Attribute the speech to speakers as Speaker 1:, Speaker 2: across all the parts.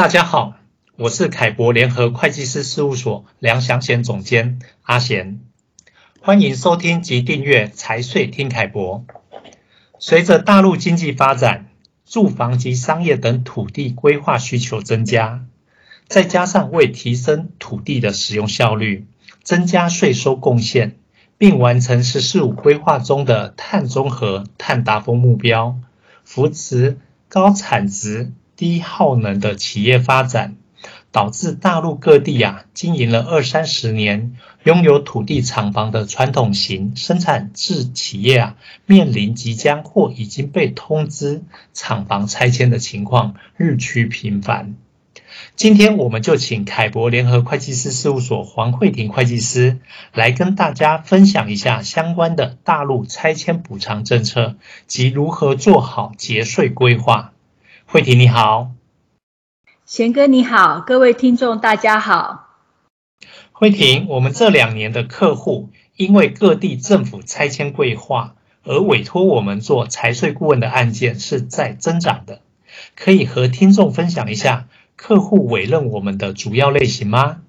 Speaker 1: 大家好，我是凱博聯合會計師事務所梁祥賢總監阿賢，歡迎收聽及訂閱財稅聽凱博。隨着大陸經濟發展，住房及商業等土地規劃需求增加，再加上為提升土地的使用效率，增加稅收貢獻，並完成“十四五”規劃中的碳中和、碳達峰目標，扶持高產值，低耗能的企業發展，導致大陸各地啊，經營了二三十年，擁有土地廠房的傳統型生產製企業啊，面臨即將或已經被通知廠房拆遷的情況日趨頻繁。今天，我們就請凱博聯合會計師事務所黃慧婷會計師來跟大家分享一下相關的大陸拆遷補償政策及如何做好節稅規劃。慧婷你好，賢哥你好，各位聽眾大家好。慧婷，我們這兩年的客戶因為各地政府拆遷規劃而委托我們做財稅顧問的案件是在增長的，可以和聽眾分享一下客戶委任我們的主要類型嗎？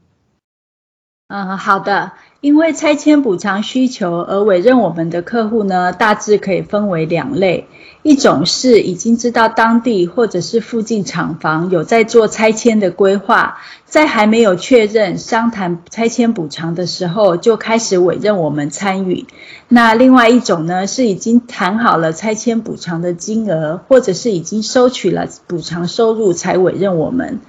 Speaker 2: 嗯，好的。因為拆遷補償需求而委任我們的客戶呢，大致可以分為兩類。一種是已經知道當地或者是附近廠房有在做拆遷的規劃，在還沒有確認商談拆遷補償的時候就開始委任我們參與。那另外一種呢，是已經談好了拆遷補償的金額，或者是已經收取了補償收入才委任我們。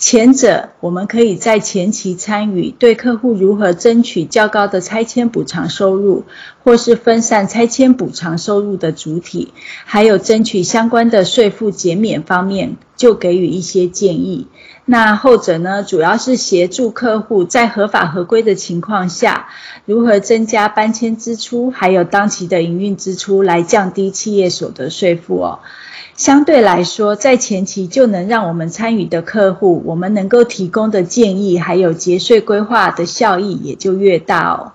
Speaker 2: 前者，我們可以在前期參與，對客戶如何爭取較高的拆遷補償收入，或是分散拆遷補償收入的主體，還有爭取相關的稅負減免方面，就給予一些建議。那後者呢，主要是協助客戶在合法合規的情況下，如何增加搬遷支出，還有當期的營運支出，來降低企業所得稅負哦。相對來說，在前期就能讓我們參與的客戶，我們能夠提供的建議，還有節稅規劃的效益也就越大哦。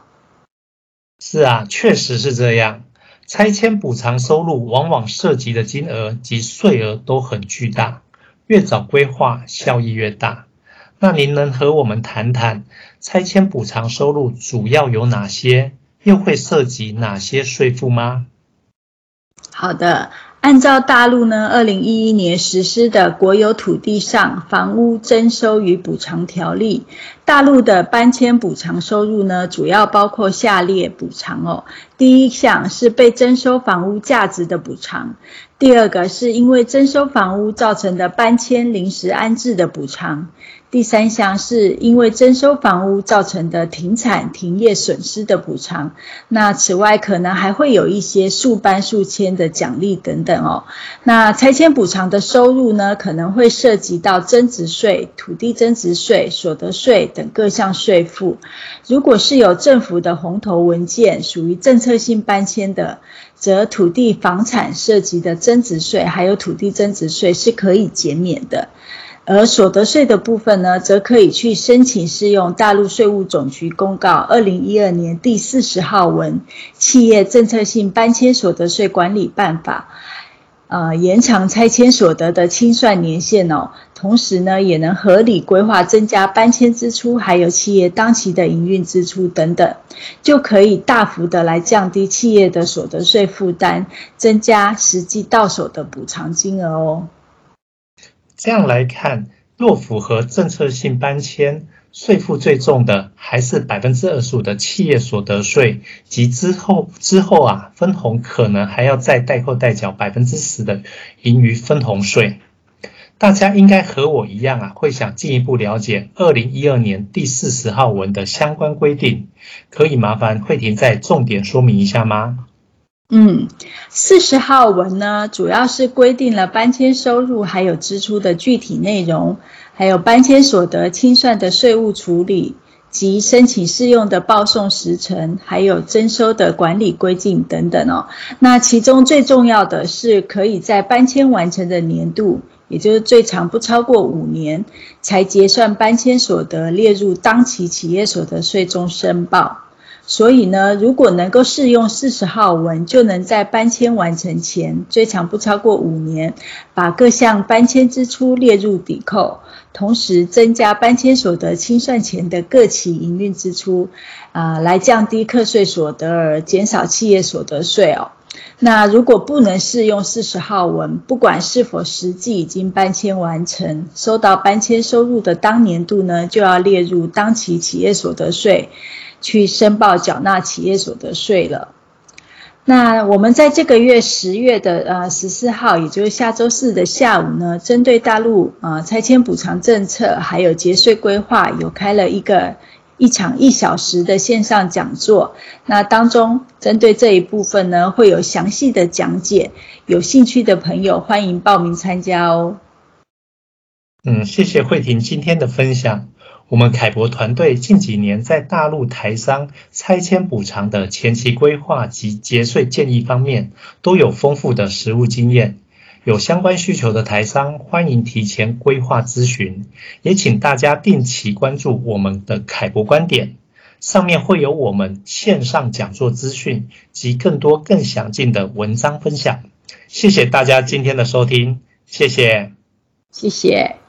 Speaker 1: 是啊，確實是這樣。拆遷補償收入往往涉及的金額及稅額都很巨大，越早規劃效益越大。那您能和我們談談拆遷補償收入主要有哪些，又會涉及哪些稅負嗎？
Speaker 2: 好的。按照大陸呢，二零一一年實施的《國有土地上房屋徵收與補償條例》，大陸的搬遷補償收入呢，主要包括下列補償哦。第一項是被徵收房屋價值的補償，第二個是因為徵收房屋造成的搬遷臨時安置的補償。第三項是因為徵收房屋造成的停產停業損失的補償。那此外，可能還會有一些速搬速遷的獎勵等等哦。那拆遷補償的收入呢，可能會涉及到增值稅、土地增值稅、所得稅等各項稅負。如果是有政府的紅頭文件，屬於政策性搬遷的，則土地房產涉及的增值稅還有土地增值稅是可以減免的。而所得稅的部分呢，則可以去申請適用大陸稅務總局公告二零一二年第四十號文《企業政策性搬遷所得稅管理辦法》，呃，延長拆遷所得的清算年限哦。同時呢，也能合理規劃增加搬遷支出，還有企業當期的營運支出等等，就可以大幅的來降低企業的所得稅負擔，增加實際到手
Speaker 1: 的補償金額哦。這樣來看，若符合政策性搬遷，稅負最重的還是百分之二十五的企業所得稅，及之後，之後啊，分紅可能還要再代扣代繳百分之十的盈餘分紅稅。大家應該和我一樣啊，會想進一步了解二零一二年第四十號文的相關規定，可以麻煩慧婷再重點說明一下嗎？
Speaker 2: 嗯，四十號文呢，主要是規定了搬遷收入還有支出的具體內容，還有搬遷所得清算的稅務處理，及申請適用的報送時程，還有徵收的管理規定等等哦。那其中最重要的是，可以在搬遷完成的年度，也就是最長不超過五年，才結算搬遷所得，列入當期企業所得稅中申報。所以呢，如果能夠適用四十號文，就能在搬遷完成前，最長不超過五年，把各項搬遷支出列入抵扣，同時增加搬遷所得清算前的各期營運支出，啊、呃，來降低課稅所得而減少企業所得稅哦。那如果不能適用四十號文，不管是否實際已經搬遷完成，收到搬遷收入的當年度呢，就要列入當期企業所得稅。去申報繳納企業所得稅了。那我們在這個月十月的呃十四號，也就是下周四的下午呢，針對大陸呃拆遷補償政策還有節稅規劃，有開了一個一場一小時的線上講座。那當中針對這一部分呢，會有詳細的講解。有興趣的朋友歡迎報名參加哦。嗯，
Speaker 1: 謝謝慧婷今天的分享。我們凱博團隊近幾年在大陸台商拆遷補償的前期規劃及節稅建議方面都有豐富的實務經驗，有相關需求的台商歡迎提前規劃諮詢，也請大家定期關注我們的凱博觀點，上面會有我們線上講座資訊及更多更詳盡的文章分享。謝謝大家今天的收聽，謝謝，
Speaker 2: 謝謝。